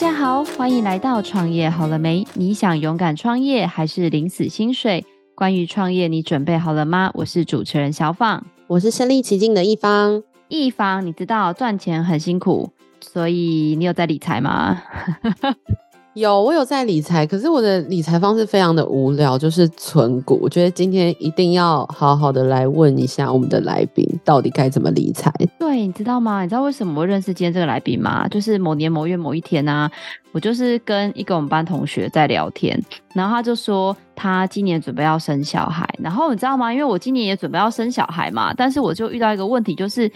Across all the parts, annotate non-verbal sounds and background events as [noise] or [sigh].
大家好，歡迎來到創業好了沒？你想勇敢創業還是領死薪水？關於創業，你準備好了嗎？我是主持人小放，我是身歷其境的一方，一方，你知道賺錢很辛苦，所以你有在理財嗎？ [laughs] 有，我有在理財，可是我的理財方式非常的無聊，就是存股。我覺得今天一定要好好的來問一下我們的來賓，到底該怎麼理財？對，你知道嗎？你知道為什麼我認識今天這個來賓嗎？就是某年某月某一天啊，我就是跟一個我們班同學在聊天，然後他就說他今年準備要生小孩，然後你知道嗎？因為我今年也準備要生小孩嘛，但是我就遇到一個問題，就是。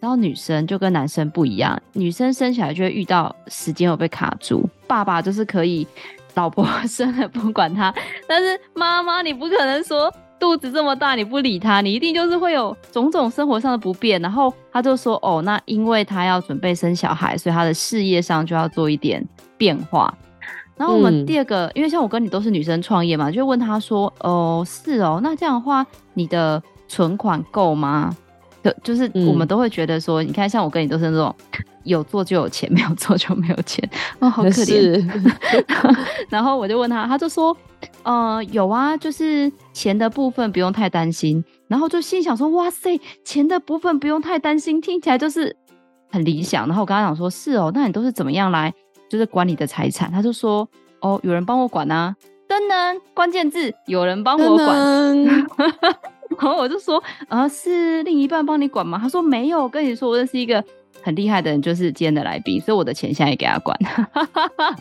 然後女生就跟男生不一樣，女生生起來就會遇到時間有被卡住。爸爸就是可以，老婆生了不管他，但是媽媽你不可能說肚子這麼大你不理他，你一定就是會有種種生活上的不便。然後他就說：“哦，那因為他要準備生小孩，所以他的事業上就要做一點變化。”然後我們第二個，嗯，因為像我跟你都是女生創業嘛，就問他說：“哦，是哦，那這樣的話你的存款夠嗎？”就是我們都會覺得說、嗯，你看像我跟你都是那種有做就有錢，沒有做就沒有錢，哦，好可憐。 [laughs] 然後我就問他，他就說，呃，有啊，就是錢的部分不用太擔心。然後就心想說，哇塞，錢的部分不用太擔心，聽起來就是很理想。然後我跟他講說，是哦，那你都是怎麼樣來就是管你的財產？他就說，哦，有人幫我管啊，噔噔，關鍵字有人幫我管。 [laughs] 然後我就說，啊，是另一半幫你管嗎？他說沒有，跟你說我認識一個很厲害的人，就是今天的來賓，所以我的錢現在也給他管。 [laughs]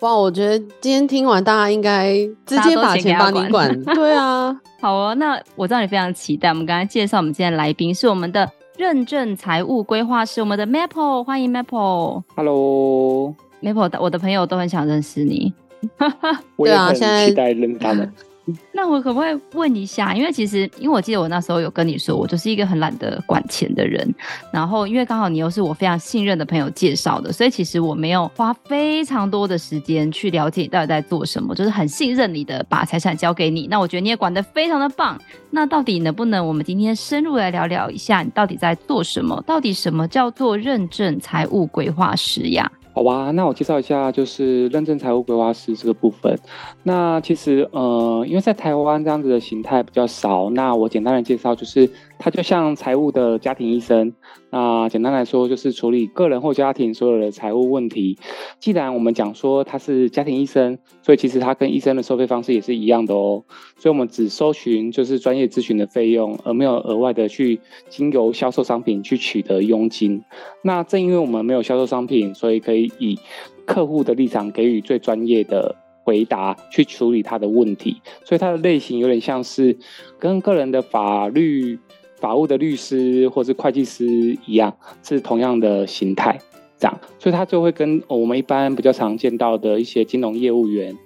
哇，我覺得今天聽完大家應該直接把錢幫你管。管 [laughs] 對啊，好啊，哦，那我知道你非常期待。我們剛才介紹我們今天來賓是我們的認證財務規劃師，我們的 Maple，歡迎 Maple。Hello，Maple，我的朋友都很想認識你。哈 [laughs] 哈對、啊， [laughs] 我也很期待認識他們。 [laughs] 那我可不可以問一下？因為其實，因為我記得我那時候有跟你說，我就是一個很懶得管錢的人。然後，因為剛好你又是我非常信任的朋友介紹的，所以其實我沒有花非常多的時間去了解你到底在做什麼，就是很信任你的把財產交給你。那我覺得你也管得非常的棒。那到底能不能我們今天深入來聊聊一下，你到底在做什麼？到底什麼叫做認證財務規劃師呀？好哇，那我介紹一下，就是認證財務規劃師這個部分。那其實，呃，因為在台灣這樣子的形態比較少，那我簡單的介紹就是。他就像財務的家庭醫生，那簡單來說就是處理個人或家庭所有的財務問題。既然我們講說他是家庭醫生，所以其實他跟醫生的收費方式也是一樣的哦。所以我們只收取就是專業諮詢的費用，而沒有額外的去經由銷售商品去取得佣金。那正因為我們沒有銷售商品，所以可以以客戶的立場給予最專業的回答，去處理他的問題。所以它的類型有點像是跟個人的法律、法務的律師或是會計師一樣，是同樣的形態。這樣，所以他就會跟我們一般比較常見到的一些金融業務員，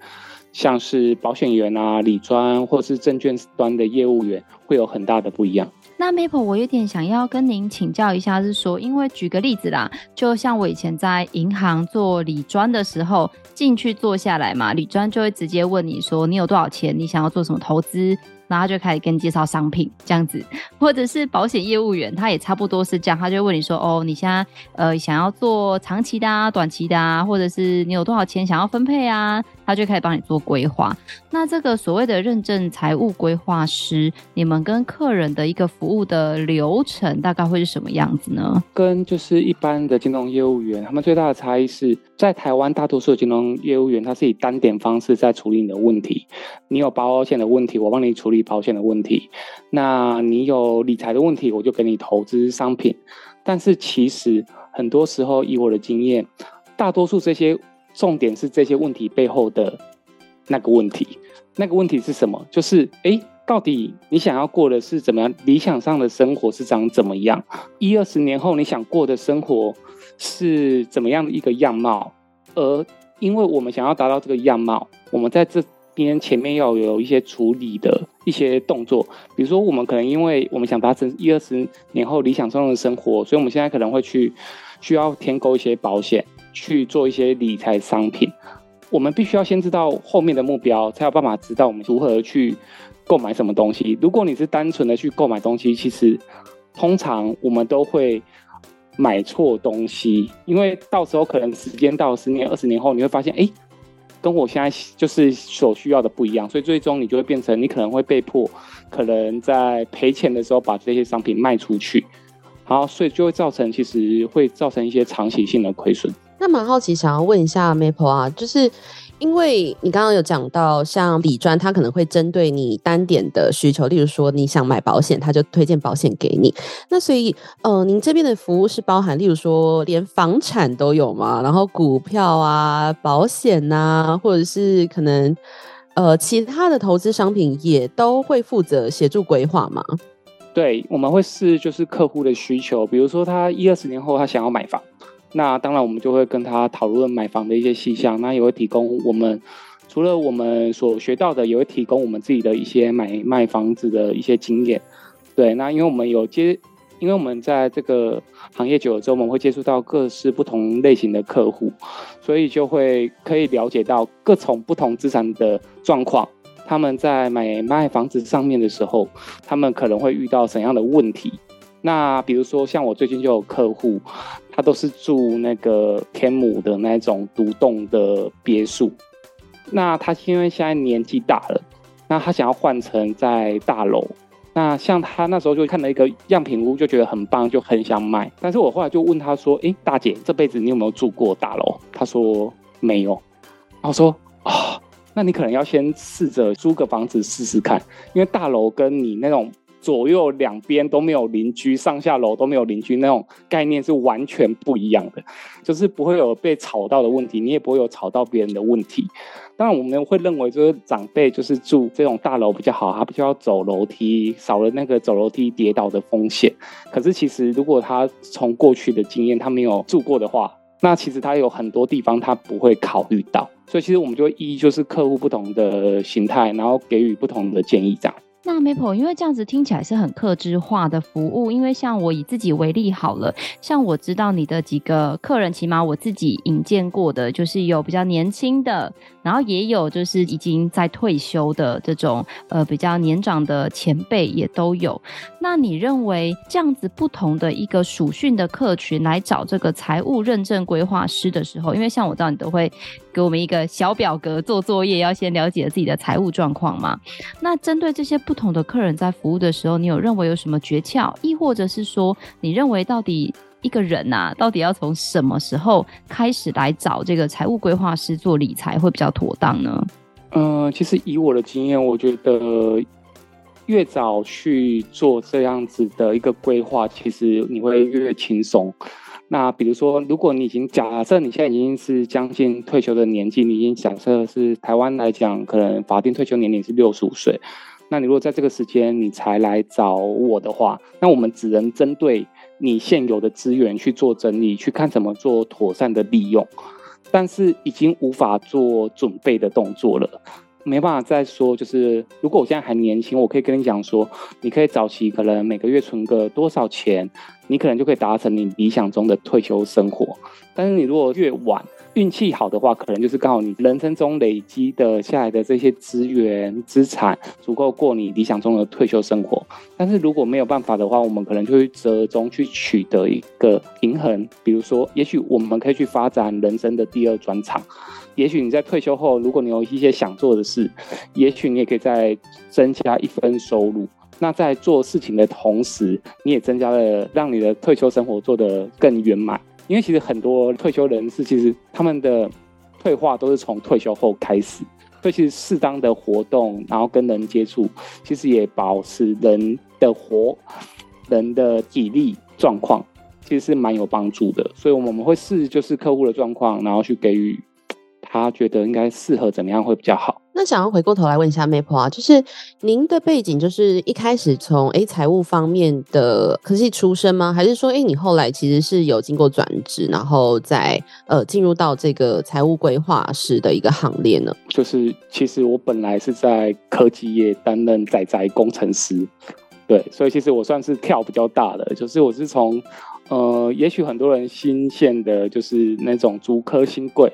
像是保險員啊、理專或是證券端的業務員，會有很大的不一樣。那 Maple，我有點想要跟您請教一下，是說，因為舉個例子啦，就像我以前在銀行做理專的時候，進去坐下來嘛，理專就會直接問你說，你有多少錢，你想要做什麼投資？然後他就開始跟你介紹商品這樣子，或者是保險業務員，他也差不多是這樣。他就會問你說：“哦，你現在呃想要做長期的啊、短期的啊，或者是你有多少錢想要分配啊？”他就開始幫你做規劃。那這個所謂的認證財務規劃師，你們跟客人的一個服務的流程大概會是什麼樣子呢？跟就是一般的金融業務員，他們最大的差異是在台灣，大多數金融業務員他是以單點方式在處理你的問題。你有保險的問題，我幫你處理。保險的問題，那你有理財的問題，我就給你投資商品。但是其實很多時候，以我的經驗，大多數這些重點是這些問題背後的那個問題。那個問題是什麼？就是哎、欸，到底你想要過的是怎麼樣？理想上的生活是長怎麼樣？一二十年後你想過的生活是怎麼樣的一個樣貌？而因為我們想要達到這個樣貌，我們在這邊前面要有一些處理的一些動作，比如說我們可能因為我們想達成一二十年後理想中的生活，所以我們現在可能會去需要添購一些保險，去做一些理財商品。我們必須要先知道後面的目標，才有辦法知道我們如何去購買什麼東西。如果你是單純的去購買東西，其實通常我們都會買錯東西，因為到時候可能時間到十年、二十年後，你會發現，哎、欸。跟我現在就是所需要的不一樣，所以最終你就會變成你可能會被迫，可能在賠錢的時候把這些商品賣出去，好，所以就會造成其實會造成一些長期性的虧損。那蠻好奇，想要問一下 Maple 啊，就是。因為你剛剛有講到，像理專，他可能會針對你單點的需求，例如說你想買保險，他就推薦保險給你。那所以，呃，您這邊的服務是包含，例如說連房產都有嘛，然後股票啊、保險吶、啊，或者是可能呃其他的投資商品，也都會負責協助規劃嗎？對，我們會視，就是客戶的需求，比如說他一二十年後他想要買房。那當然，我們就會跟他討論買房的一些細項，那也會提供我們除了我們所學到的，也會提供我們自己的一些買賣房子的一些經驗。對，那因為我們有接，因為我們在這個行業久了之後，我們會接觸到各式不同類型的客戶，所以就會可以了解到各種不同資產的狀況。他們在買賣房子上面的時候，他們可能會遇到怎樣的問題？那比如說，像我最近就有客戶。他都是住那個天母的那種獨棟的別墅。那他因為現在年紀大了，那他想要換成在大樓。那像他那時候就看了一個樣品屋，就覺得很棒，就很想買。但是我後來就問他說：“誒，大姐，這輩子你有沒有住過大樓？”他說沒有。然後我說：“啊，哦，那你可能要先試着租個房子試試看，因為大樓跟你那種。”左右兩邊都沒有鄰居，上下樓都沒有鄰居，那種概念是完全不一樣的，就是不會有被吵到的問題，你也不會有吵到別人的問題。當然，我們會認為就是長輩就是住這種大樓比較好，他不需要走樓梯，少了那個走樓梯跌倒的風險。可是其實如果他從過去的經驗他沒有住過的話，那其實他有很多地方他不會考慮到。所以其實我們就依就是客戶不同的形態，然後給予不同的建議這樣。那 Maple，因為這樣子聽起來是很客制化的服務，因為像我以自己為例好了，像我知道你的幾個客人，起碼我自己引薦過的，就是有比較年輕的，然後也有就是已經在退休的這種，呃，比較年長的前輩也都有。那你認為這樣子不同的一個屬性的客群來找這個財務認證規劃師的時候，因為像我知道你都會。給我們一個小表格做作業，要先了解自己的財務狀況嘛。那針對這些不同的客人在服務的時候，你有認為有什麼訣竅？亦或者是說，你認為到底一個人啊，到底要從什麼時候開始來找這個財務規劃師做理財會比較妥當呢？嗯、呃，其實以我的經驗，我覺得越早去做這樣子的一個規劃，其實你會越輕鬆。那比如說，如果你已經假設你現在已經是將近退休的年紀，你已經假設是台灣來講，可能法定退休年齡是六十五歲，那你如果在這個時間你才來找我的話，那我們只能針對你現有的資源去做整理，去看怎麼做妥善的利用，但是已經無法做準備的動作了。沒辦法再說，就是如果我現在還年輕，我可以跟你講說，你可以早期可能每個月存個多少錢，你可能就可以達成你理想中的退休生活。但是你如果越晚，運氣好的話，可能就是剛好你人生中累積的下來的這些資源資產足夠過你理想中的退休生活。但是如果沒有辦法的話，我們可能就會折中去取得一個平衡，比如說，也許我們可以去發展人生的第二專長。也許你在退休後，如果你有一些想做的事，也許你也可以再增加一份收入。那在做事情的同時，你也增加了讓你的退休生活做得更圓滿。因為其實很多退休人士，其實他們的退化都是從退休後開始。所以其實適當的活動，然後跟人接觸，其實也保持人的活人的體力狀況，其實是蠻有幫助的。所以我們會視，就是客戶的狀況，然後去給予。他覺得應該適合怎麼樣會比較好？那想要回過頭來問一下 Maple 啊，就是您的背景，就是一開始從哎財務方面的科技出身嗎？還是說，哎你後來其實是有經過轉職，然後再呃進入到這個財務規劃師的一個行列呢？就是其實我本來是在科技業擔任仔仔工程師，對，所以其實我算是跳比較大的，就是我是從呃，也許很多人新鮮的，就是那種竹科新貴。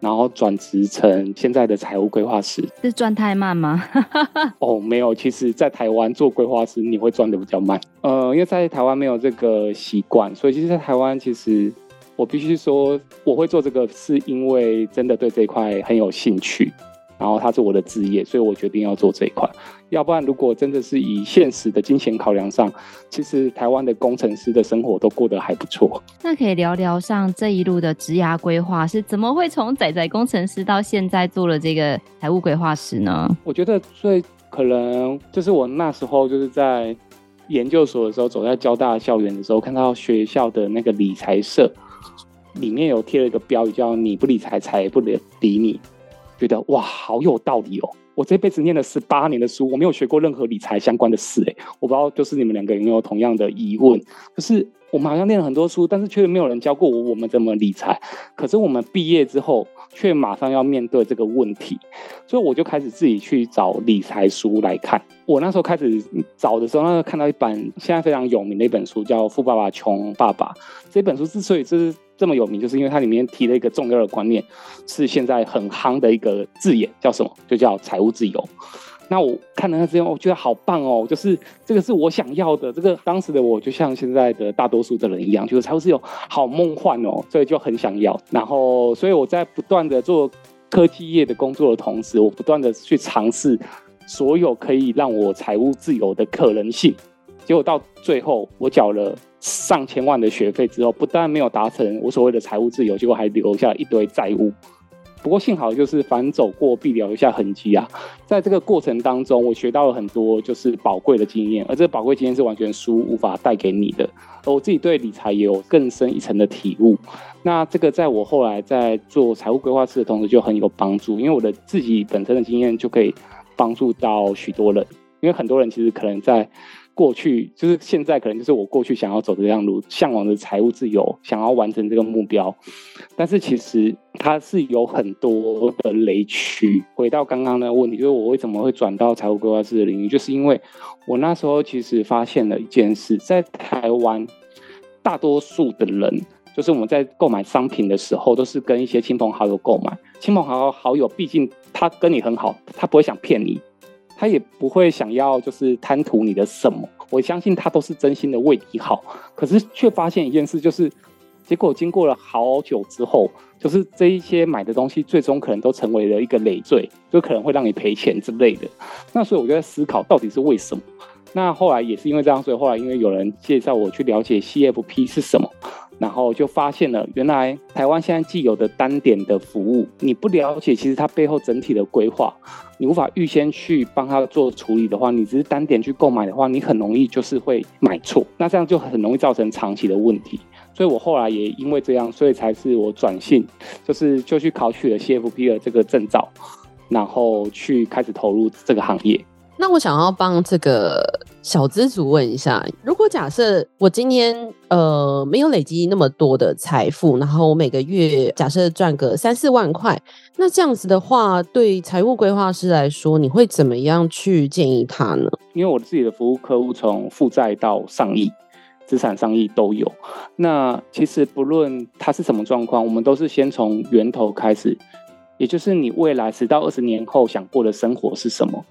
然後轉職成現在的財務規劃師，是賺太慢嗎？ [laughs] 哦，沒有，其實在台灣做規劃師，你會賺得比較慢。呃，因為在台灣沒有這個習慣，所以其實，在台灣，其實我必須說，我會做這個是因為真的對這一塊很有興趣。然後它是我的職業，所以我決定要做這一塊。要不然，如果真的是以現實的金錢考量上，其實台灣的工程師的生活都過得還不錯。那可以聊聊上這一路的職涯規劃是怎麼會從仔仔工程師到現在做了這個財務規劃師呢？我覺得最可能就是我那時候就是在研究所的時候，走在交大校園的時候，看到學校的那個理財社裡面有貼了一個標語，叫“你不理財，財不理理你”。覺得哇，好有道理哦！我這輩子念了十八年的書，我沒有學過任何理財相關的事誒，我不知道就是你們兩個有沒有同樣的疑問？可是、就是我們好像念了很多書，但是卻沒有人教過我們怎麼理財。可是我們畢業之後，卻馬上要面對這個問題，所以我就開始自己去找理財書來看。我那時候開始找的時候，那時候看到一本現在非常有名的一本書，叫《富爸爸窮爸爸》。這本書之所以、就是這麼有名，就是因為它裡面提了一個重要的觀念，是現在很夯的一個字眼，叫什麼？就叫財務自由。那我看了他之後，哦，我覺得好棒哦，就是這個是我想要的。這個當時的我，就像現在的大多數的人一樣，就是財務自由好夢幻哦，所以就很想要。然後，所以我在不斷的做科技業的工作的同時，我不斷的去嘗試所有可以讓我財務自由的可能性。結果到最後，我繳了上千萬的學費之後，不但沒有達成我所謂的財務自由，結果還留下一堆債務。不過幸好，就是凡走過必留下痕跡啊。在這個過程當中，我學到了很多就是寶貴的經驗，而這寶貴經驗是完全書無法帶給你的。而我自己對理財也有更深一層的體悟。那這個在我後來在做財務規劃師的同時就很有幫助，因為我的自己本身的經驗就可以幫助到許多人。因為很多人其實可能在。過去就是現在，可能就是我過去想要走的這樣路，向往的財務自由，想要完成這個目標。但是其實它是有很多的雷區。回到剛剛那個問題，就是我為什麼會轉到財務規劃師的領域，就是因為我那時候其實發現了一件事，在台灣大多數的人，就是我們在購買商品的時候，都是跟一些親朋好友購買。親朋好,好友，好友畢竟他跟你很好，他不會想騙你。他也不會想要，就是貪圖你的什麼。我相信他都是真心的為你好，可是卻發現一件事，就是結果經過了好久之後，就是這一些買的東西，最終可能都成為了一個累贅，就可能會讓你賠錢之類的。那所以我就在思考，到底是為什麼？那後來也是因為這樣，所以後來因為有人介紹我去了解 CFP 是什麼。然後就發現了，原來台灣現在既有的單點的服務，你不了解其實它背後整體的規劃，你無法預先去幫它做處理的話，你只是單點去購買的話，你很容易就是會買錯。那這樣就很容易造成長期的問題。所以我後來也因為這樣，所以才是我轉性，就是就去考取了 CFP 的這個證照，然後去開始投入這個行業。那我想要幫這個小資族問一下，如果假設我今天呃，沒有累積那麼多的財富，然後我每個月假設賺個三四萬塊，那這樣子的話，對財務規劃師來說，你會怎麼樣去建議他呢？因為我自己的服務客戶從負債到上億，資產上億都有，那其實不論它是什麼狀況，我們都是先從源頭開始，也就是你未來十到二十年後想過的生活是什麼。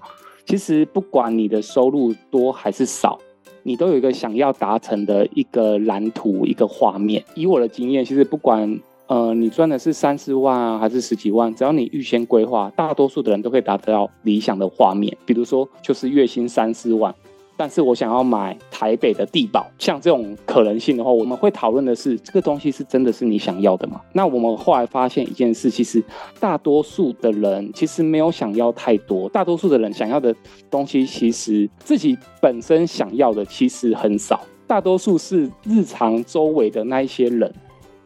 其實不管你的收入多還是少，你都有一個想要達成的一個藍圖、一個畫面。以我的經驗，其實不管呃你賺的是三四萬啊還是十幾萬，只要你預先規劃，大多數的人都可以達到理想的畫面。比如說，就是月薪三四萬。但是我想要買台北的帝寶，像這種可能性的話，我們會討論的是這個東西是真的是你想要的嗎？那我們後來發現一件事，其實大多數的人其實沒有想要太多，大多數的人想要的東西，其實自己本身想要的其實很少，大多數是日常周圍的那一些人，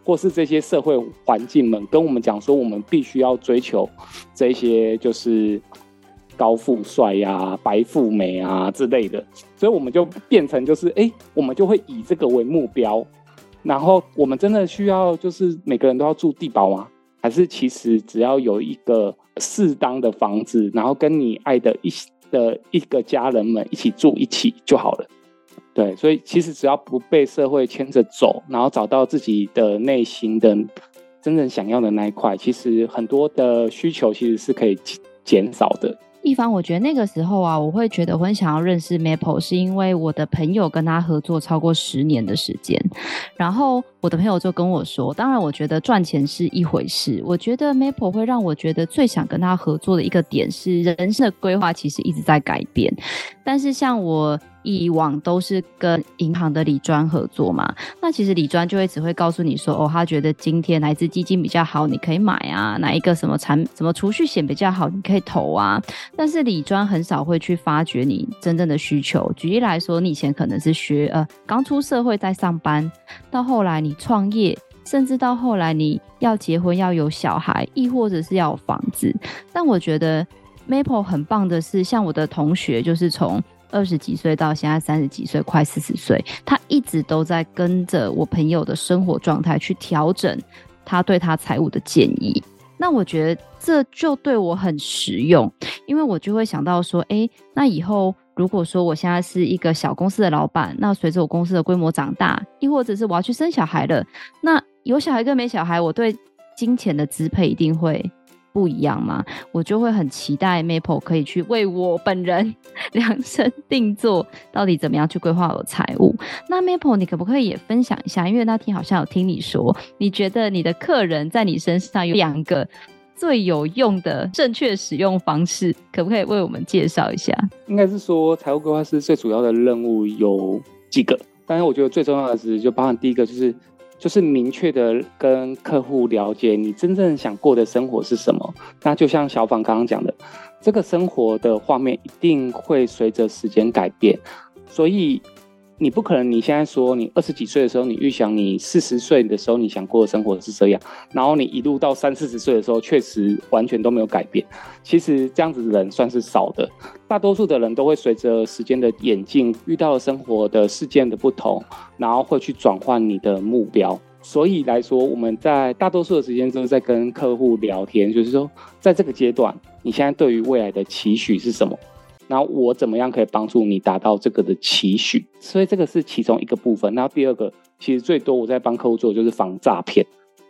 或是這些社會環境們跟我們講說，我們必須要追求這些就是。高富帥呀、啊，白富美啊之類的，所以我們就變成就是，哎、欸，我們就會以這個為目標。然後，我們真的需要就是每個人都要住帝寶嗎？還是其實只要有一個適當的房子，然後跟你愛的一的一個家人們一起住一起就好了？對，所以其實只要不被社會牽着走，然後找到自己的內心的真正想要的那一塊，其實很多的需求其實是可以減少的。一凡，我覺得那個時候啊，我會覺得我很想要認識 Maple，是因為我的朋友跟他合作超過十年的時間，然後我的朋友就跟我說，當然我覺得賺錢是一回事，我覺得 Maple 會讓我覺得最想跟他合作的一個點是人生的規劃其實一直在改變，但是像我。以往都是跟銀行的理專合作嘛，那其實理專就會只會告訴你說，哦，他覺得今天哪只基金比較好，你可以買啊，哪一個什麼產什麼儲蓄險比較好，你可以投啊。但是理專很少會去發掘你真正的需求。舉例來說，你以前可能是學呃，剛出社會在上班，到後來你創業，甚至到後來你要結婚要有小孩，亦或者是要有房子。但我覺得 Maple 很棒的是，像我的同學就是從。二十幾歲到現在三十幾歲，快四十歲，他一直都在跟着我朋友的生活狀態去調整，他對他財務的建議。那我覺得這就對我很實用，因為我就會想到說，哎、欸，那以後如果說我現在是一個小公司的老闆，那隨着我公司的規模長大，亦或者是我要去生小孩了，那有小孩跟沒小孩，我對金錢的支配一定會。不一樣嗎？我就會很期待 Maple 可以去為我本人量身定做，到底怎麼樣去規劃我的財務。那 Maple，你可不可以也分享一下？因為那天好像有聽你說，你覺得你的客人在你身上有兩個最有用的正確使用方式，可不可以為我們介紹一下？應該是說，財務規劃師最主要的任務有幾個，但是，我覺得最重要的是，就包含第一個就是。就是明確的跟客戶了解你真正想過的生活是什麼。那就像小芳剛剛講的，這個生活的畫面一定會隨着時間改變，所以。你不可能，你現在說你二十幾歲的時候，你預想你四十歲的時候你想過的生活是這樣，然後你一路到三四十歲的時候，確實完全都沒有改變。其實這樣子的人算是少的，大多數的人都會隨着時間的演進，遇到了生活的事件的不同，然後會去轉換你的目標。所以來說，我們在大多數的時間都是在跟客戶聊天，就是說，在這個階段，你現在對於未來的期許是什麼？那我怎麼樣可以幫助你達到這個的期許？所以這個是其中一個部分。那第二個，其實最多我在幫客戶做就是防詐騙，因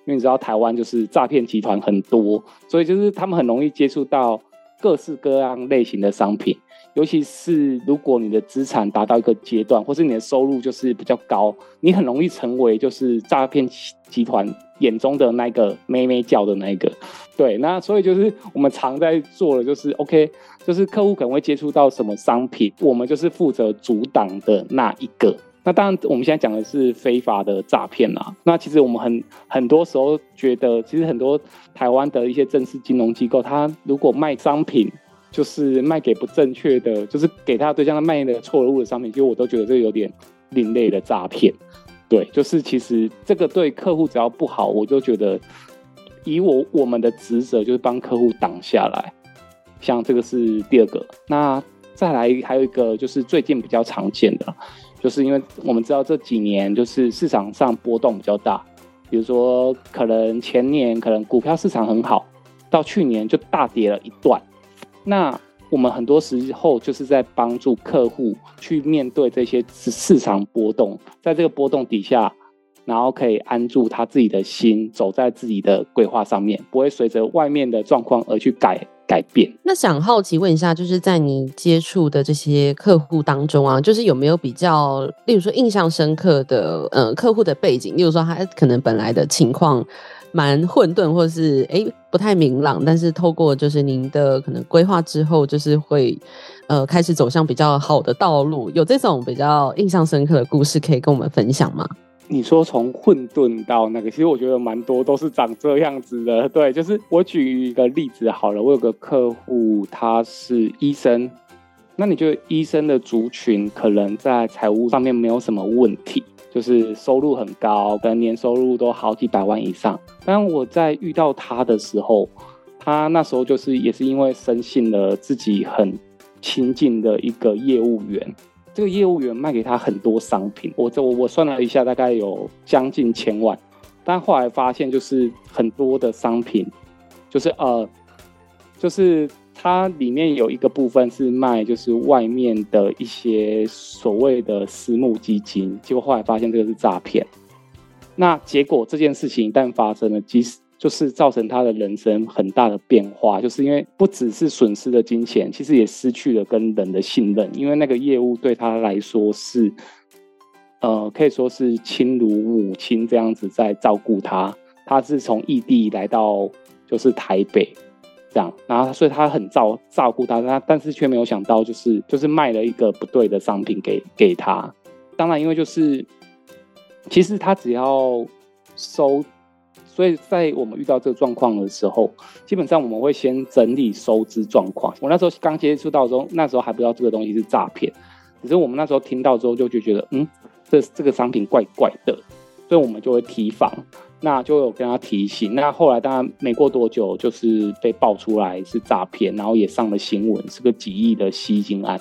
為你知道台灣就是詐騙集團很多，所以就是他們很容易接觸到各式各樣類型的商品。尤其是如果你的資產達到一個階段，或是你的收入就是比較高，你很容易成為就是詐騙集團眼中的那個咩咩叫的那一個。對，那所以就是我們常在做的就是，OK，就是客戶可能會接觸到什麼商品，我們就是負責阻擋的那一個。那當然，我們現在講的是非法的詐騙啦。那其實我們很很多時候覺得，其實很多台灣的一些正式金融機構，它如果賣商品。就是賣給不正確的，就是給他對象，他賣的錯誤的商品，其實我都覺得這有點另類的詐騙。對，就是其實這個對客戶只要不好，我就覺得以我我們的職責就是幫客戶擋下來。像這個是第二個，那再來還有一個就是最近比較常見的，就是因為我們知道這幾年就是市場上波動比較大，比如說可能前年可能股票市場很好，到去年就大跌了一段。那我們很多時候就是在幫助客戶去面對這些市場波動，在這個波動底下，然後可以安住他自己的心，走在自己的規劃上面，不會隨着外面的狀況而去改改變。那想好奇問一下，就是在你接觸的這些客戶當中啊，就是有沒有比較，例如說印象深刻的，呃，客戶的背景，例如說他可能本來的情況。蠻混沌，或是哎不太明朗，但是透過就是您的可能規劃之後，就是會呃開始走向比較好的道路。有這種比較印象深刻的故事可以跟我們分享嗎？你說從混沌到那個，其實我覺得蠻多都是長這樣子的。對，就是我舉一個例子好了，我有個客戶他是醫生，那你覺得醫生的族群可能在財務上面沒有什麼問題。就是收入很高，跟年收入都好幾百萬以上。但我在遇到他的時候，他那時候就是也是因為深信了自己很親近的一個業務員，這個業務員賣給他很多商品，我我我算了一下，大概有將近千萬。但後來發現，就是很多的商品，就是呃，就是。他裡面有一個部分是賣，就是外面的一些所謂的私募基金，結果後來發現這個是詐騙。那結果這件事情一旦發生了，即使，就是造成他的人生很大的變化，就是因為不只是損失了金錢，其實也失去了跟人的信任，因為那個業務對他來說是，呃，可以說是親如母親這樣子在照顧他。他是從異地來到，就是台北。這樣，然後所以他很照照顧他，他但是卻沒有想到，就是就是賣了一個不對的商品給給他。當然，因為就是其實他只要收，所以在我們遇到這個狀況的時候，基本上我們會先整理收支狀況。我那時候剛接觸到時候，那時候還不知道這個東西是詐騙，只是我們那時候聽到之後就就覺得，嗯，這這個商品怪怪的，所以我們就會提防。那就有跟他提醒，那後來當然沒過多久，就是被爆出來是詐騙，然後也上了新聞，是個幾億的吸金案，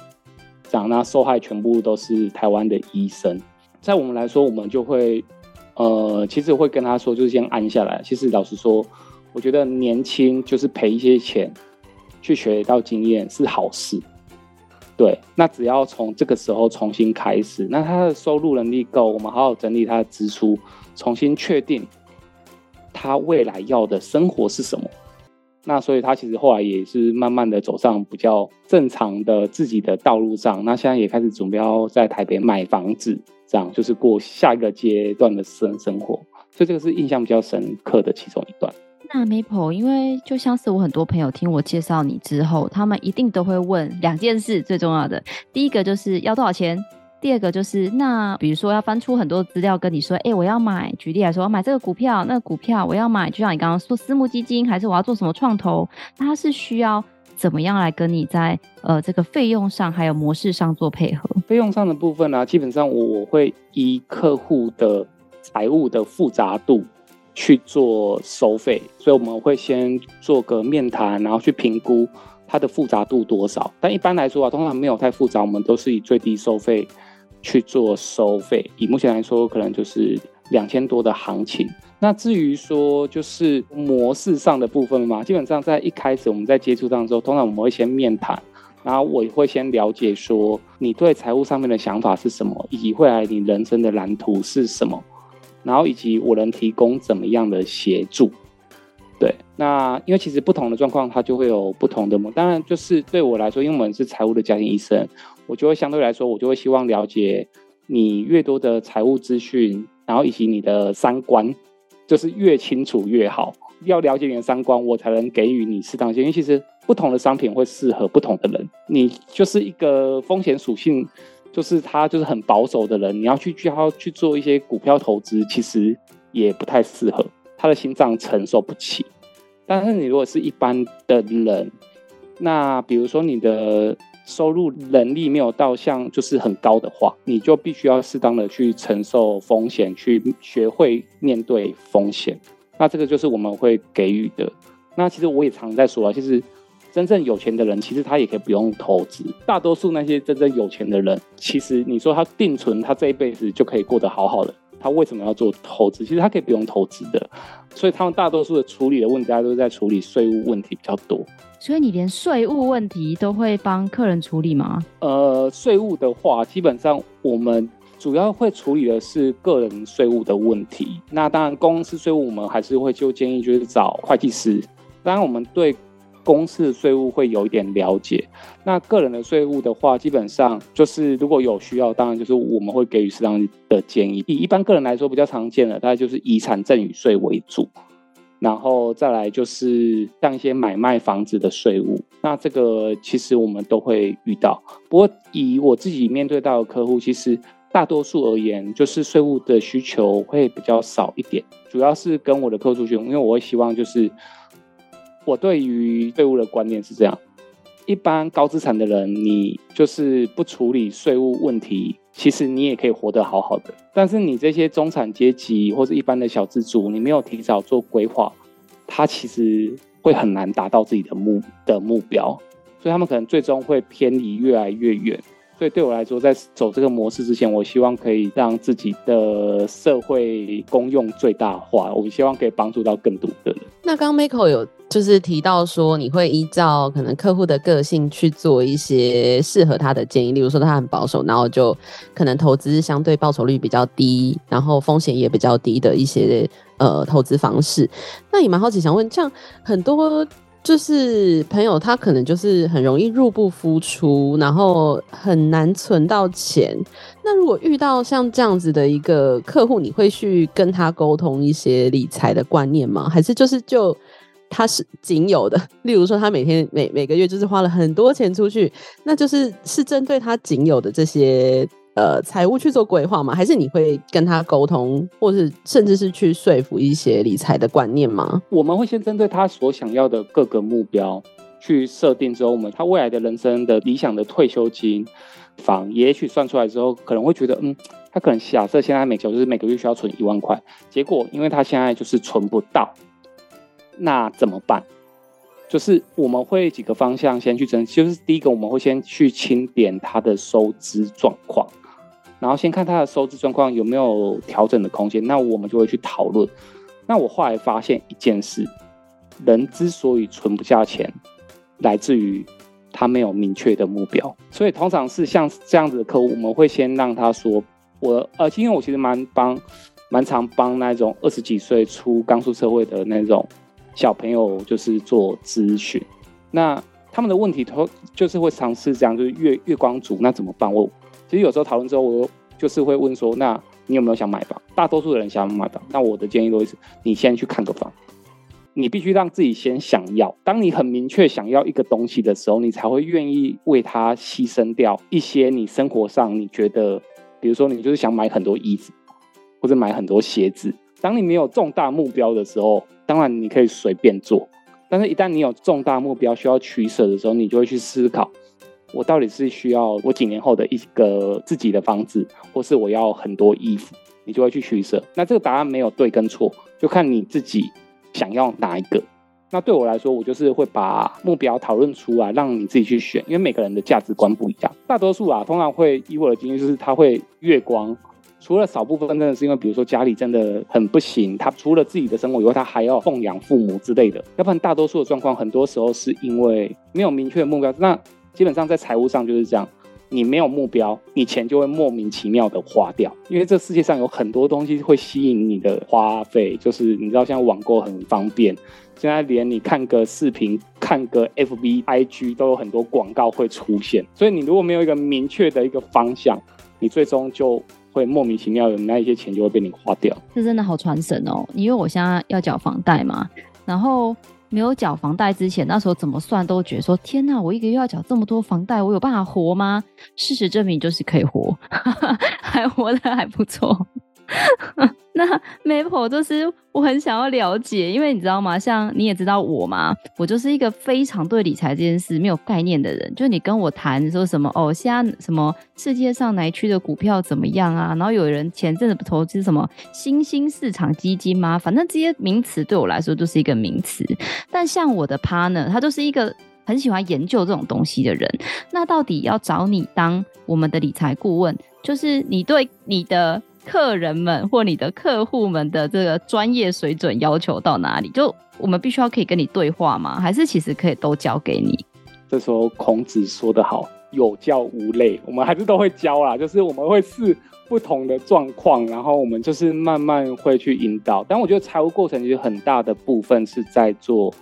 這樣，那受害全部都是台灣的醫生，在我們來說，我們就會，呃，其實我會跟他說，就是先安下來。其實老實說，我覺得年輕就是賠一些錢，去學到經驗是好事。對，那只要從這個時候重新開始，那他的收入能力夠，我們好好整理他的支出，重新確定。他未來要的生活是什麼？那所以，他其實後來也是慢慢的走上比較正常的自己的道路上。那現在也開始準備要在台北買房子，這樣就是過下一個階段的人生活。所以這個是印象比較深刻的其中一段。嗯、那 Maple，因為就像是我很多朋友聽我介紹你之後，他們一定都會問兩件事最重要的，第一個就是要多少錢？第二個就是那，比如說要翻出很多資料跟你說，哎、欸，我要買。舉例來說，我買這個股票，那個股票我要買，就像你剛剛說私募基金，還是我要做什麼創投，那它是需要怎麼樣來跟你在呃這個費用上還有模式上做配合？費用上的部分呢、啊，基本上我我會依客戶的財務的複雜度去做收費，所以我們會先做個面談，然後去評估它的複雜度多少。但一般來說啊，通常沒有太複雜，我們都是以最低收費。去做收費，以目前來說，可能就是兩千多的行情。那至於說就是模式上的部分嘛，基本上在一開始我們在接觸當中，通常我們會先面談，然後我會先了解說你對財務上面的想法是什麼，以及未來你人生的藍圖是什麼，然後以及我能提供怎麼樣的協助。對，那因為其實不同的狀況，它就會有不同的。當然，就是對我來說，因為我們是財務的家庭醫生，我就會相對來說，我就會希望了解你越多的財務資訊，然後以及你的三觀，就是越清楚越好。要了解你的三觀，我才能給予你適當性。因為其實不同的商品會適合不同的人。你就是一個風險屬性，就是他就是很保守的人，你要去去去做一些股票投資，其實也不太適合。他的心臟承受不起，但是你如果是一般的人，那比如說你的收入能力沒有到像就是很高的話，你就必須要適當的去承受風險，去學會面對風險。那這個就是我們會給予的。那其實我也常在說啊，其實真正有錢的人，其實他也可以不用投資。大多數那些真正有錢的人，其實你說他定存，他這一輩子就可以過得好好了。他為什麼要做投資？其實他可以不用投資的，所以他們大多數的處理的問題，都在處理稅務問題比較多。所以你連稅務問題都會幫客人處理嗎？呃，稅務的話，基本上我們主要會處理的是個人稅務的問題。那當然，公司稅務我們還是會就建議就是找會計師。當然，我們對。公司稅務會有一點了解，那個人的稅務的話，基本上就是如果有需要，當然就是我們會給予適當的建議。以一般個人來說比較常見的，大概就是遺產贈與稅為主，然後再來就是像一些買賣房子的稅務。那這個其實我們都會遇到，不過以我自己面對到的客戶，其實大多數而言，就是稅務的需求會比較少一點，主要是跟我的客戶去，因為我會希望就是。我對於稅務的觀念是這樣：一般高資產的人，你就是不處理稅務問題，其實你也可以活得好好的。但是你這些中產階級或者一般的小資族，你沒有提早做規劃，他其實會很難達到自己的目的目標，所以他們可能最終會偏離越來越遠。所以對我來說，在走這個模式之前，我希望可以讓自己的社會功用最大化。我希望可以幫助到更多的人。那剛剛 Maple 有就是提到說，你會依照可能客戶的個性去做一些適合他的建議，例如說他很保守，然後就可能投資相對報酬率比較低，然後風險也比較低的一些呃投資方式。那也蠻好奇，想問這樣很多就是朋友，他可能就是很容易入不敷出，然後很難存到錢。那如果遇到像這樣子的一個客戶，你會去跟他溝通一些理財的觀念嗎？還是就是就他是僅有的？例如說他每天、每每個月就是花了很多錢出去，那就是是針對他僅有的這些。呃，財務去做規劃嗎？還是你會跟他溝通，或是甚至是去說服一些理財的觀念嗎？我們會先針對他所想要的各個目標去設定，之後我們他未來的人生的理想的退休金房，也許算出來之後，可能會覺得，嗯，他可能假設現在每就是每個月需要存一萬塊，結果因為他現在就是存不到，那怎麼辦？就是我們會幾個方向先去爭，就是第一個我們會先去清點他的收支狀況，然後先看他的收支狀況有沒有調整的空間，那我們就會去討論。那我後來發現一件事，人之所以存不下錢，來自於他沒有明確的目標。所以通常是像這樣子的客戶，我們會先讓他說：“我呃、啊，因為我其實蠻幫，蠻常幫那種二十幾歲出剛出社會的那種。”小朋友就是做諮詢，那他們的問題，都就是會嘗試這樣，就是月月光族，那怎麼辦？我、哦、其實有時候討論之後，我就，就是會問說，那你有沒有想買房？大多數的人想買房，那我的建議都是，你先去看個房。你必須讓自己先想要，當你很明確想要一個東西的時候，你才會願意為它犧牲掉一些你生活上你覺得，比如說你就是想買很多衣服，或者買很多鞋子。當你沒有重大目標的時候，當然你可以隨便做；但是，一旦你有重大目標需要取舍的時候，你就會去思考：我到底是需要我幾年後的一個自己的房子，或是我要很多衣服？你就會去取舍。那這個答案沒有對跟錯，就看你自己想要哪一個。那對我來說，我就是會把目標討論出來，讓你自己去選，因為每個人的價值觀不一樣。大多數啊，通常會以我的經驗，就是他會月光。除了少部分真的是因為，比如說家裡真的很不行，他除了自己的生活以外，他還要奉養父母之類的。要不然，大多數的狀況，很多時候是因為沒有明確的目標。那基本上在財務上就是這樣，你沒有目標，你錢就會莫名其妙的花掉。因為這世界上有很多東西會吸引你的花費，就是你知道，像網購很方便，現在連你看個視頻、看個 FB、IG 都有很多廣告會出現。所以你如果沒有一個明確的一個方向，你最終就。會莫名其妙的那一些錢就會被你花掉，這真的好傳神哦！你因為我現在要繳房貸嘛，然後沒有繳房貸之前，那時候怎麼算都覺得說，天吶，我一個月要繳這麼多房貸，我有辦法活嗎？事實證明就是可以活， [laughs] 還活得還不錯。 [laughs] 那 Maple 就是我很想要了解，因為你知道嗎？像你也知道我嘛，我就是一個非常對理財這件事沒有概念的人。就你跟我談說什麼哦，現在什麼世界上哪一區的股票怎麼樣啊？然後有人前陣子投資什麼新興市場基金嗎？反正這些名詞對我來說就是一個名詞。但像我的 partner，他就是一個很喜歡研究這種東西的人。那到底要找你當我們的理財顧問，就是你對你的。客人們或你的客戶們的這個專業水準要求到哪裡？就我們必須要可以跟你對話嗎？還是其實可以都交給你？這時候孔子說得好：“有教無類。”我們還是都會教啦，就是我們會視不同的狀況，然後我們就是慢慢會去引導。但我覺得財務過程其實很大的部分是在做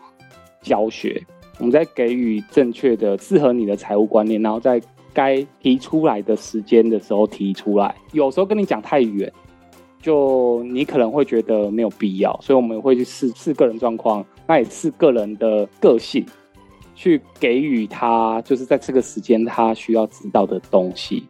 教學，我們在給予正確的、適合你的財務觀念，然後再。該提出來的時間的時候提出來，有時候跟你講太遠，就你可能會覺得沒有必要，所以我們會去試試個人狀況，那也是個人的個性，去給予他就是在這個時間他需要知道的東西。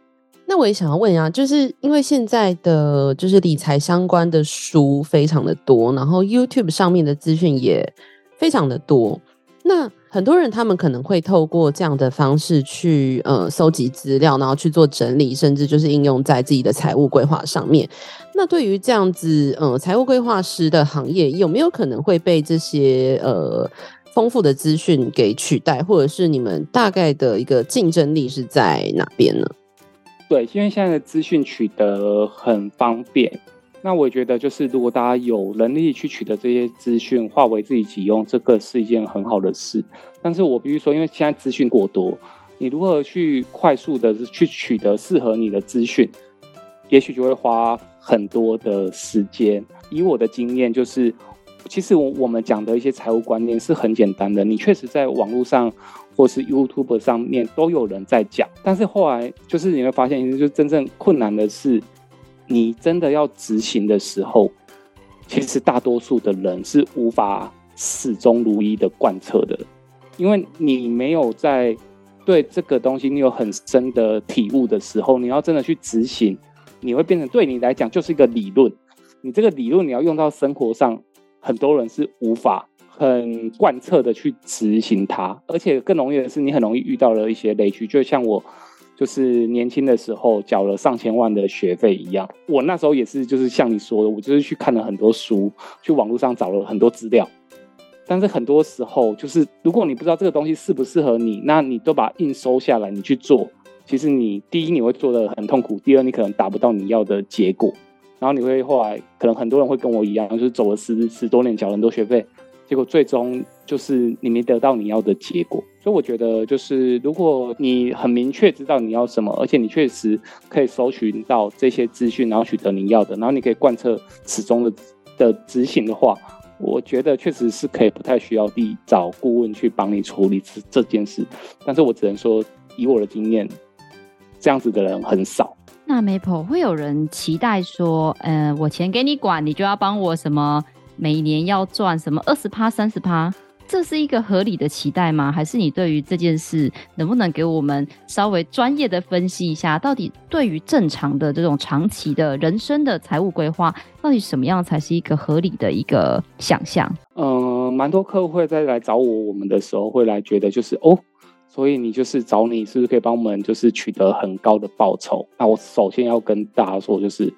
那我也想要問一下，就是因為現在的就是理財相關的書非常的多，然後 YouTube 上面的資訊也非常的多，那。很多人他們可能會透過這樣的方式去呃蒐集資料，然後去做整理，甚至就是應用在自己的財務規劃上面。那對於這樣子呃財務規劃師的行業，有沒有可能會被這些呃豐富的資訊給取代，或者是你們大概的一個競爭力是在哪邊呢？對，因為現在的資訊取得很方便。那我也覺得，就是如果大家有能力去取得這些資訊，化為自己己用，這個是一件很好的事。但是我必須說，因為現在資訊過多，你如何去快速的去取得適合你的資訊，也許就會花很多的時間。以我的經驗，就是其實我我們講的一些財務觀念是很簡單的，你確實在網絡上或是 YouTube 上面都有人在講，但是後來就是你會發現，就是真正困難的是。你真的要執行的時候，其實大多數的人是無法始終如一的貫徹的，因為你沒有在對這個東西你有很深的體悟的時候，你要真的去執行，你會變成對你來講就是一個理論。你這個理論你要用到生活上，很多人是無法很貫徹的去執行它，而且更容易的是，你很容易遇到了一些雷區，就像我。就是年輕的時候繳了上千萬的學費一樣，我那時候也是，就是像你說的，我就是去看了很多書，去網絡上找了很多資料，但是很多時候就是，如果你不知道這個東西適不適合你，那你都把印收下來，你去做，其實你第一你會做得很痛苦，第二你可能達不到你要的結果，然後你會後來可能很多人會跟我一樣，就是走了十十多年繳了很多學費。結果最終就是你沒得到你要的結果，所以我覺得就是，如果你很明確知道你要什麼，而且你確實可以搜尋到這些資訊，然後取得你要的，然後你可以貫徹始終的的執行的話，我覺得確實是可以不太需要地找顧問去幫你處理這這件事。但是我只能說，以我的經驗，這樣子的人很少。那 Maple 會有人期待說，嗯、呃，我錢給你管，你就要幫我什麼？每年要賺什麼二十趴三十趴，這是一個合理的期待嗎？還是你對於這件事能不能給我們稍微專業的分析一下？到底對於正常的這種長期的人生的財務規劃，到底什麼樣才是一個合理的一個想象？嗯、呃，蠻多客戶會在來找我，我們的時候會來覺得就是哦，所以你就是找你是不是可以幫我們就是取得很高的報酬？那我首先要跟大家說就是。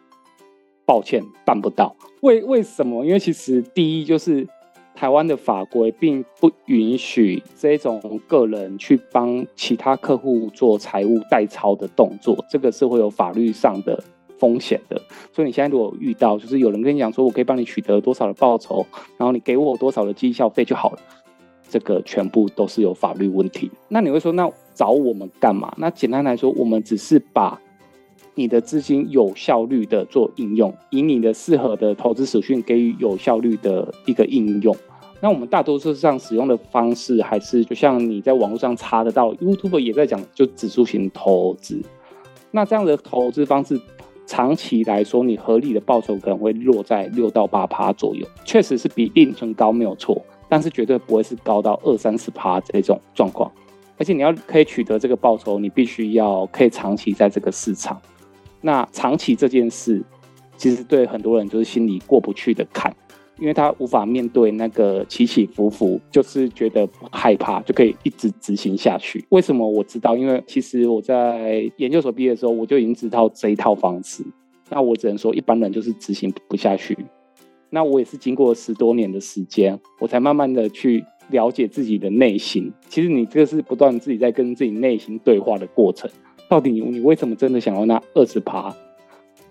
抱歉，辦不到。為為什麼？因為其實第一就是，台灣的法規並不允許這種個人去幫其他客戶做財務代操的動作，這個是會有法律上的風險的。所以你現在如果遇到就是有人跟你講說，我可以幫你取得多少的報酬，然後你給我多少的績效費就好了，這個全部都是有法律問題。那你會說那找我們幹嘛？那簡單來說，我們只是把。你的資金有效率的做應用，以你的適合的投資屬性給予有效率的一個應用。那我們大多數上使用的方式，還是就像你在網絡上查得到，YouTube 也在講，就指數型投資。那這樣的投資方式，長期來說，你合理的報酬可能會落在六到八趴左右，確實是比定存高沒有錯，但是絕對不會是高到二三十趴這種狀況。而且你要可以取得這個報酬，你必須要可以長期在這個市場，那長期這件事，其實對很多人就是心裡過不去的坎，因為他無法面對那個起起伏伏，就是覺得害怕，就可以一直執行下去。為什麼我知道？因為其實我在研究所畢業的時候，我就已經知道這一套方式。那我只能說，一般人就是執行不下去。那我也是經過十多年的時間，我才慢慢的去了解自己的內心。其實你這個是不斷自己在跟自己內心對話的過程。到底你為什麼真的想要那二十趴？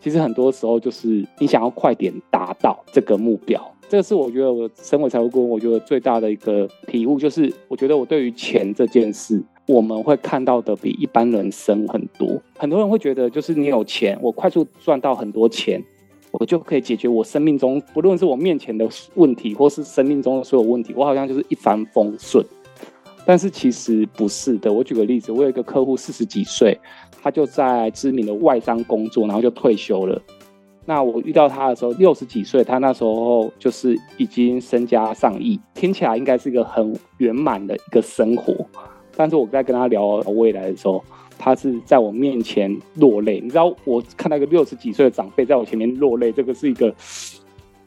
其實很多時候就是你想要快點達到這個目標。這個是我覺得我身為財務顧問，我覺得最大的一個體悟，就是我覺得我對於錢這件事，我們會看到的比一般人深很多。很多人會覺得，就是你有錢，我快速賺到很多錢，我就可以解決我生命中不論是我面前的問題，或是生命中的所有問題，我好像就是一帆風順。但是其實不是的，我舉個例子，我有一個客戶四十幾歲，他就在知名的外商工作，然後就退休了。那我遇到他的時候六十幾歲，他那時候就是已經身家上億，聽起來應該是一個很圓滿的一個生活。但是我在跟他聊，聊未來的時候，他是在我面前落淚。你知道，我看到一個六十幾歲的長輩在我前面落淚，這個是一個。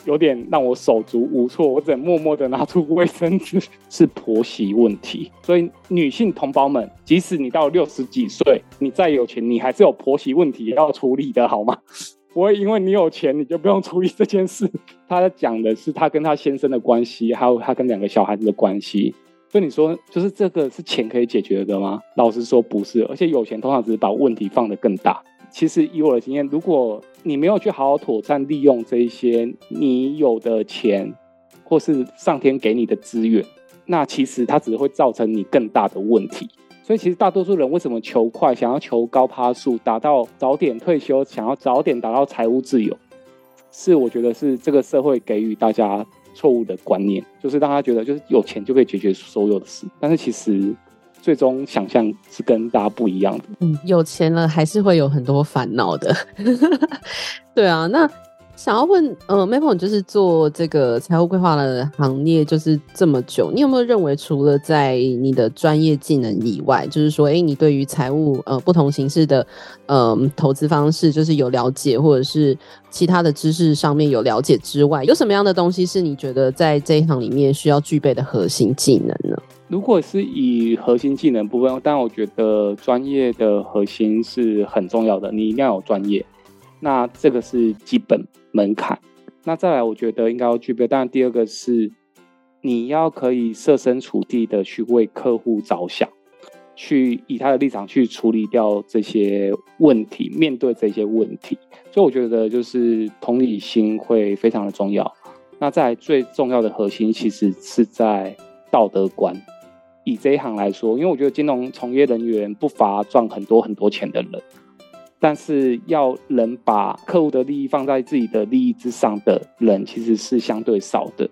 有點讓我手足無措，我只能默默的拿出衛生紙。 [laughs] 是婆媳問題，所以女性同胞們，即使你到六十幾歲，你再有錢，你還是有婆媳問題要處理的好嗎？ [laughs] 不會因為你有錢，你就不用處理這件事。 [laughs] 他在講的是他跟他先生的關係，還有他跟兩個小孩子的關係。所以你說，就是這個是錢可以解決的嗎？老實說，不是。而且有錢通常只是把問題放得更大。其實以我的經驗，如果你沒有去好好妥善利用這些你有的錢，或是上天給你的資源，那其實它只會造成你更大的問題。所以其實大多數人為什麼求快，想要求高趴數，達到早點退休，想要早點達到財務自由，是我覺得是這個社會給予大家錯誤的觀念，就是讓他覺得就是有錢就可以解決所有的事，但是其實。最終想象是跟大家不一樣的。嗯，有錢了還是會有很多煩惱的。 [laughs] 對啊，那。想要問，呃，Maple 就是做這個財務規劃的行業，就是這麼久，你有沒有認為，除了在你的專業技能以外，就是說，哎、欸，你對於財務呃不同形式的，呃、投資方式，就是有了解，或者是其他的知識上面有了解之外，有什麼樣的東西是你覺得在這一行裡面需要具備的核心技能呢？如果是以核心技能部分，但我覺得專業的核心是很重要的，你一定要有專業。那這個是基本門檻。那再來，我覺得應該要具備。但第二個是，你要可以設身處地的去為客戶着想，去以他的立場去處理掉這些問題，面對這些問題。所以我覺得就是同理心會非常的重要。那再來最重要的核心，其實是在道德觀。以這一行來說，因為我覺得金融從業人員不乏賺很多很多錢的人。但是要能把客戶的利益放在自己的利益之上的人，其實是相對少的。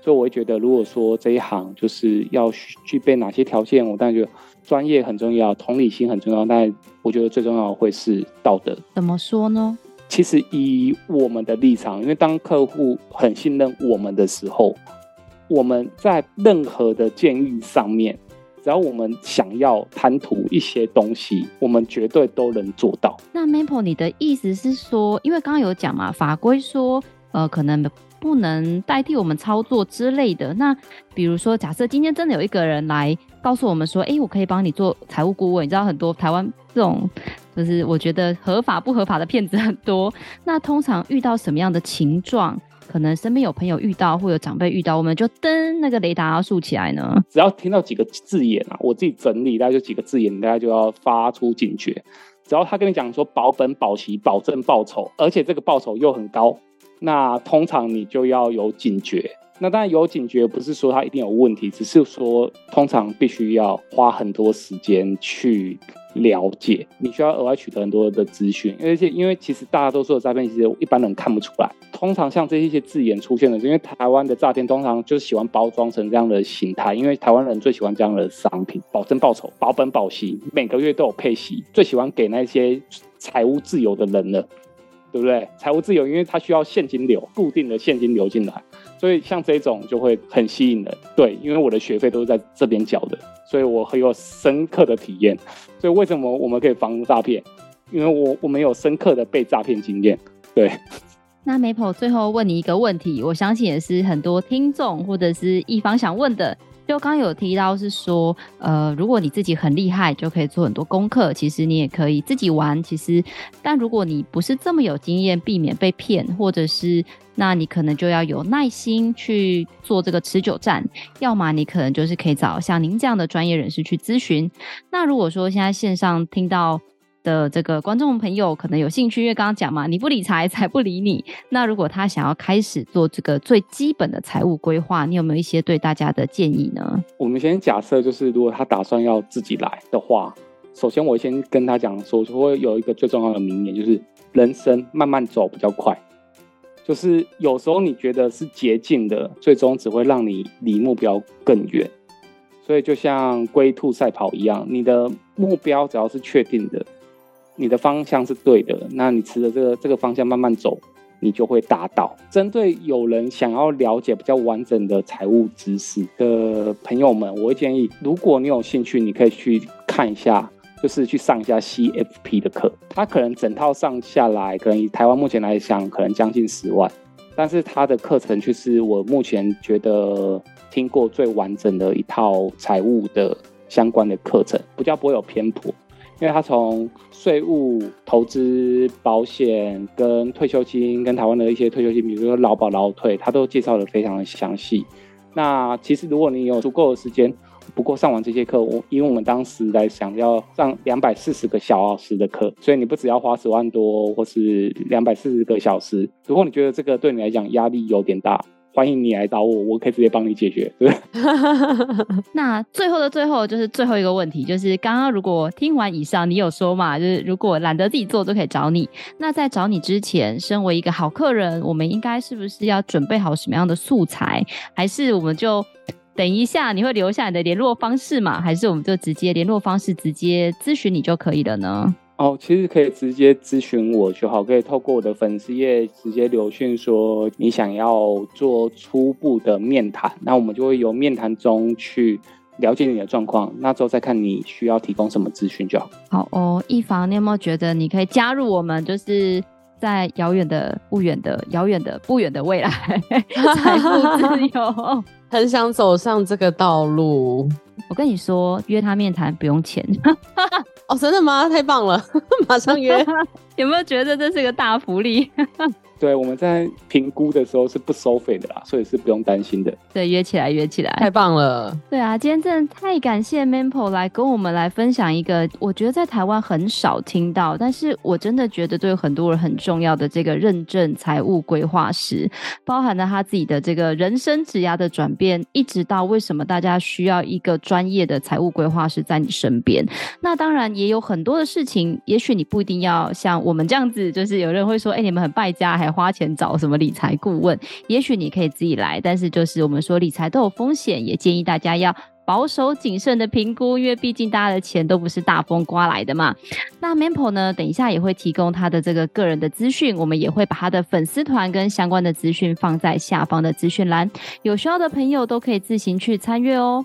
所以，我會覺得，如果說這一行就是要具備哪些條件，我當然覺得專業很重要，同理心很重要，但我覺得最重要的會是道德。怎麼說呢？其實以我們的立場，因為當客戶很信任我們的時候，我們在任何的建議上面，只要我們想要貪圖一些東西，我們絕對都能做到。那 Maple，你的意思是說，因為剛剛有講嘛，法規說，呃，可能不能代替我們操作之類的。那比如說，假設今天真的有一個人來告訴我們說，哎、欸，我可以幫你做財務顧問，你知道很多台灣這種就是我覺得合法不合法的騙子很多。那通常遇到什麼樣的情況？可能身邊有朋友遇到，或有長輩遇到，我們就登那個雷達要豎起來呢。只要聽到幾個字眼啊，我自己整理，大概就幾個字眼，大家就要發出警覺。只要他跟你講說保本保息、保證報酬，而且這個報酬又很高，那通常你就要有警覺。那當然有警覺，不是說他一定有問題，只是說通常必須要花很多時間去了解，你需要額外取得很多的資訊。而且，因為其實大多數的詐騙其實一般人看不出來。通常像這一些字眼出現的是，因為台灣的詐騙通常就是喜歡包裝成這樣的形態，因為台灣人最喜歡這樣的商品：保證報酬、保本保息，每個月都有配息，最喜歡給那些財務自由的人了。對不對？財務自由，因為它需要現金流，固定的現金流進來，所以像這種就會很吸引人。對，因為我的學費都是在這邊繳的，所以我很有深刻的體驗。所以為什麼我們可以防詐騙？因為我我沒有深刻的被詐騙經驗。對。那 Maple 最後問你一個問題，我相信也是很多聽眾或者是一方想問的。就剛有提到是說，呃，如果你自己很厲害，就可以做很多功課。其實你也可以自己玩。其實，但如果你不是這麼有經驗，避免被騙，或者是，那你可能就要有耐心去做這個持久戰。要麼你可能就是可以找像您這樣的專業人士去諮詢。那如果說現在線上聽到。的這個觀眾朋友可能有興趣，因為剛剛講嘛，你不理財，財不理你。那如果他想要開始做這個最基本的財務規劃，你有沒有一些對大家的建議呢？我們先假設，就是如果他打算要自己來的話，首先我先跟他講說，會有一個最重要的名言，就是人生慢慢走比較快，就是有時候你覺得是捷徑的，最終只會讓你離目標更遠。所以就像龜兔賽跑一樣，你的目標只要是確定的。你的方向是對的，那你持着這個這個方向慢慢走，你就會達到。針對有人想要了解比較完整的財務知識的朋友們，我會建議，如果你有興趣，你可以去看一下，就是去上一下 CFP 的課。它可能整套上下來，可能以台灣目前來講，可能將近十萬，但是它的課程卻是我目前覺得聽過最完整的一套財務的相關的課程，比較不會有偏頗。因為他從稅務、投資、保險跟退休金跟台灣的一些退休金，比如說勞保、勞退，他都介紹的非常的詳細。那其實如果你有足夠的時間，不過上完這些課，我因為我們當時來想要上兩百四十個小、小時的課，所以你不只要花十萬多，或是兩百四十個小時。如果你覺得這個對你來講壓力有點大，歡迎你來找我，我可以直接幫你解決。對。 [laughs] [laughs] 那最後的最後，就是最後一個問題，就是剛剛如果聽完以上，你有說嘛，就是如果懶得自己做，就可以找你。那在找你之前，身為一個好客人，我們應該是不是要準備好什麼樣的素材？還是我們就等一下，你會留下你的聯絡方式嘛？還是我們就直接聯絡方式直接諮詢你就可以了呢？哦，其實可以直接諮詢我就好，可以透過我的粉絲頁直接留訊說你想要做初步的面談，那我們就會由面談中去了解你的狀況，那之後再看你需要提供什麼資訊就好。好哦，一凡你有沒有覺得你可以加入我們？就是在遙遠的不遠的遙遠的不遠的未來，財富自由。 [laughs] 很想走上這個道路，我跟你說，約他面談不用錢 [laughs] 哦，真的嗎？太棒了， [laughs] 馬上約， [laughs] 有沒有覺得這是一個大福利？ [laughs] 對，我們在評估的時候是不收費的啦，所以是不用擔心的。對，約起來，約起來，太棒了。對啊，今天真的太感謝 Maple 來跟我們來分享一個，我覺得在台灣很少聽到，但是我真的覺得對很多人很重要的這個認證財務規劃師，包含了他自己的這個人生職涯的轉變，一直到為什麼大家需要一個專業的財務規劃師在你身邊。那當然也有很多的事情，也許你不一定要像我們這樣子，就是有人會說，哎、欸，你們很敗家還。花錢找什麼理財顧問？也許你可以自己來，但是就是我們說理財都有風險，也建議大家要保守謹慎的評估，因為畢竟大家的錢都不是大風颳來的嘛。那 Maple 呢？等一下也會提供他的這個個人的資訊，我們也會把他的粉絲團跟相關的資訊放在下方的資訊欄，有需要的朋友都可以自行去參閱哦。